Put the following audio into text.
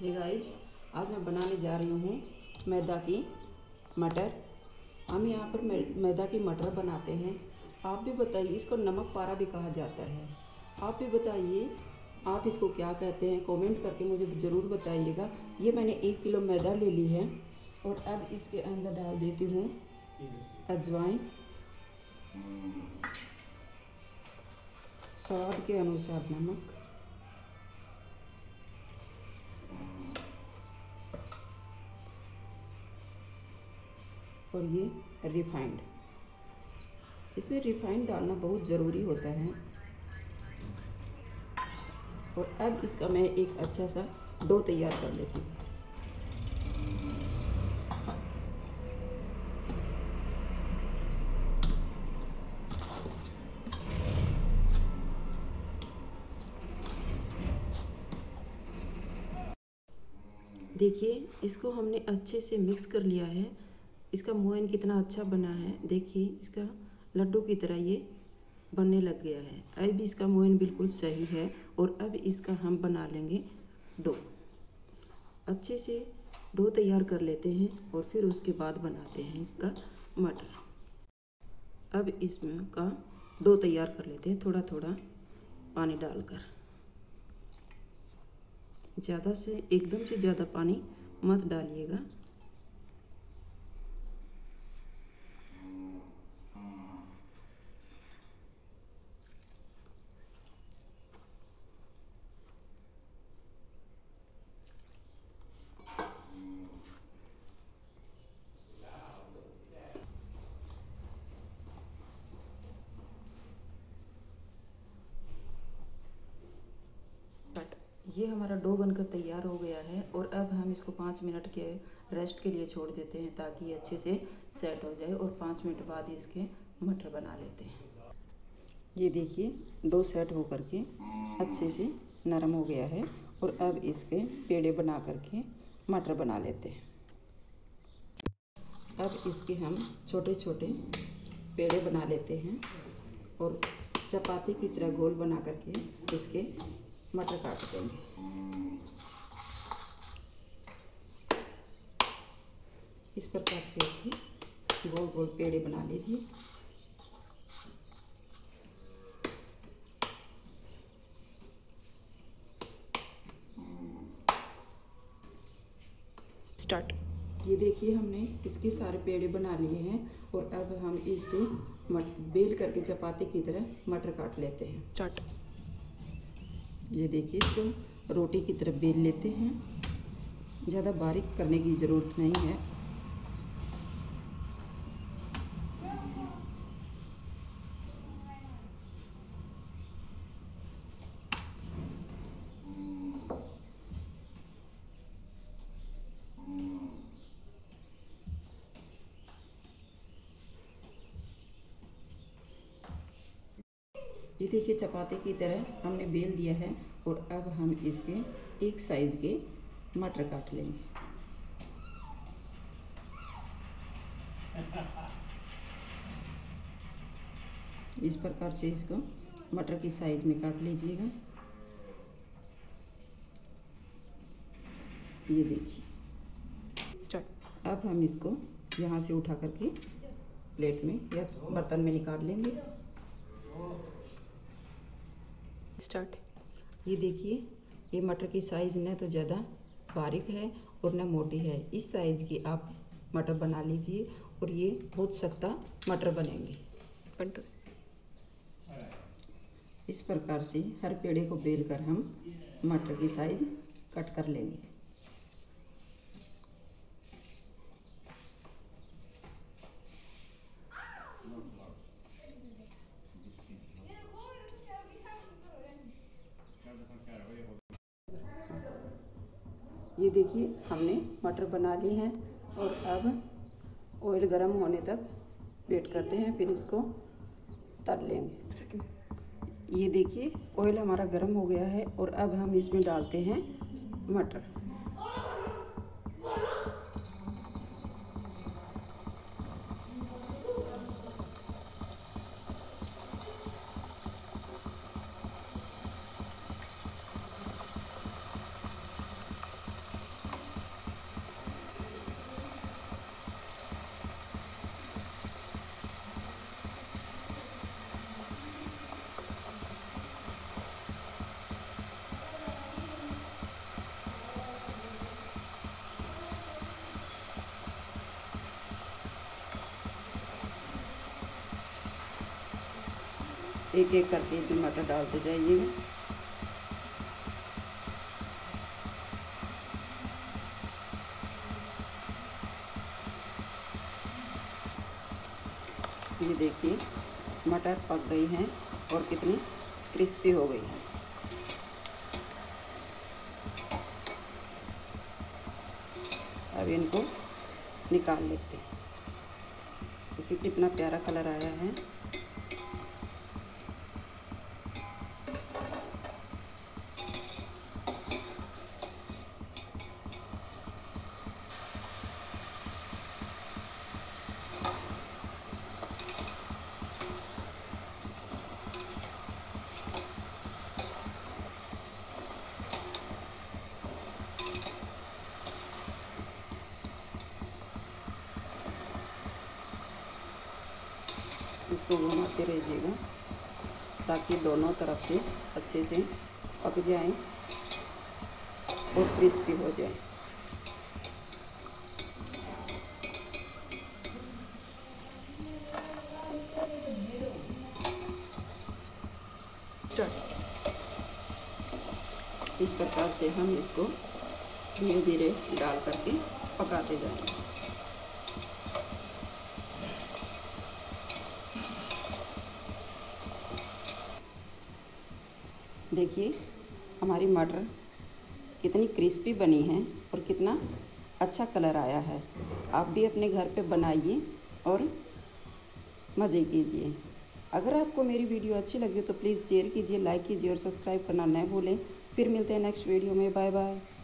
हे guys आज मैं बनाने जा रही हूँ मैदा की मटर हम यहाँ पर मैदा की मटर बनाते हैं आप भी बताइए इसको नमक पारा भी कहा जाता है आप भी बताइए आप इसको क्या कहते हैं कमेंट करके मुझे ज़रूर बताइएगा ये मैंने एक किलो मैदा ले ली है और अब इसके अंदर डाल देती हूँ अजवाइन स्वाद के अनुसार नमक और ये रिफाइंड इसमें रिफाइंड डालना बहुत ज़रूरी होता है और अब इसका मैं एक अच्छा सा डो तैयार कर लेती हूँ देखिए इसको हमने अच्छे से मिक्स कर लिया है इसका मोइन कितना अच्छा बना है देखिए इसका लड्डू की तरह ये बनने लग गया है अब इसका मोहन बिल्कुल सही है और अब इसका हम बना लेंगे डो अच्छे से डो तैयार कर लेते हैं और फिर उसके बाद बनाते हैं इसका मटर अब इसमें का डो तैयार कर लेते हैं थोड़ा थोड़ा पानी डालकर ज़्यादा से एकदम से ज़्यादा पानी मत डालिएगा बनकर तैयार हो गया है और अब हम इसको पाँच मिनट के रेस्ट के लिए छोड़ देते हैं ताकि ये अच्छे से सेट हो जाए और पाँच मिनट बाद इसके मटर बना लेते हैं ये देखिए दो सेट हो करके के अच्छे से नरम हो गया है और अब इसके पेड़े बना करके मटर बना लेते हैं अब इसके हम छोटे छोटे पेड़े बना लेते हैं और चपाती की तरह गोल बना करके इसके मटर काट देंगे इस प्रकार से इसकी गोल गोल पेड़े बना लीजिए स्टार्ट ये देखिए हमने इसके सारे पेड़े बना लिए हैं और अब हम इसे मट बेल करके चपाती की तरह मटर काट लेते हैं स्टार्ट ये देखिए इसको रोटी की तरह बेल लेते हैं ज़्यादा बारीक करने की ज़रूरत नहीं है ये देखिए चपाती की तरह हमने बेल दिया है और अब हम इसके एक साइज़ के मटर काट लेंगे इस प्रकार से इसको मटर की साइज में काट लीजिएगा ये देखिए स्टार्ट अब हम इसको यहाँ से उठा करके प्लेट में या बर्तन में निकाल लेंगे स्टार्ट ये देखिए ये मटर की साइज़ न तो ज़्यादा बारीक है और न मोटी है इस साइज़ की आप मटर बना लीजिए और ये बहुत सख्ता मटर बनेंगे इस प्रकार से हर पेड़े को बेल कर हम मटर की साइज़ कट कर लेंगे देखिए हमने मटर बना ली हैं और अब ऑयल गर्म होने तक वेट करते हैं फिर इसको तल लेंगे ये देखिए ऑयल हमारा गर्म हो गया है और अब हम इसमें डालते हैं मटर एक एक करके टमाटर डालते जाइएगा ये देखिए मटर पक गई हैं और कितनी क्रिस्पी हो गई है अब इनको निकाल लेते हैं देखिए कितना प्यारा कलर आया है इसको घुमाते रहिएगा ताकि दोनों तरफ से अच्छे से पक जाए और क्रिस्पी हो जाए इस प्रकार से हम इसको धीरे धीरे डाल करके पकाते जाएंगे देखिए हमारी मटर कितनी क्रिस्पी बनी है और कितना अच्छा कलर आया है आप भी अपने घर पे बनाइए और मज़े कीजिए अगर आपको मेरी वीडियो अच्छी लगी तो प्लीज़ शेयर कीजिए लाइक कीजिए और सब्सक्राइब करना न भूलें फिर मिलते हैं नेक्स्ट वीडियो में बाय बाय